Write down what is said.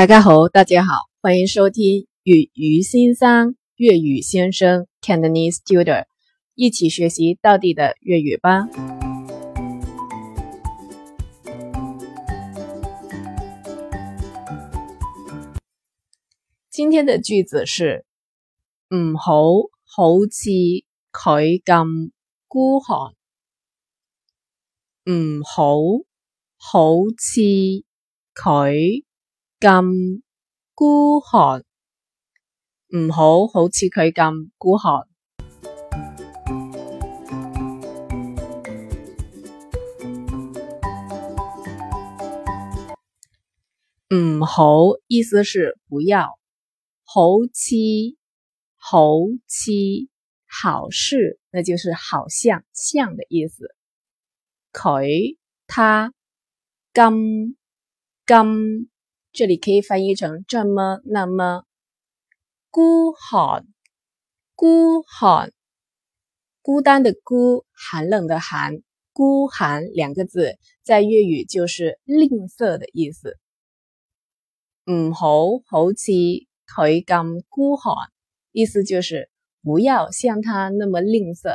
大家好，大家好，歡迎收聽粵語先生，粵語先生，Cantonese Teacher，一起學習到底的粵語吧。今天的句子是：唔好好似佢咁孤寒，唔好好似佢。咁孤寒，唔好好似佢咁孤寒。唔、嗯、好，好嗯、好，意思是不要。好似，好似，好事，那就是好像，像的意思。佢，他，咁，咁。這裏可以翻譯成“這麼那麼孤寒，孤寒孤，孤單的孤，寒冷的寒，孤寒兩個字在粵語就是吝嗇的意思。唔好好似佢咁孤寒，意思就是不要像他那麼吝嗇。”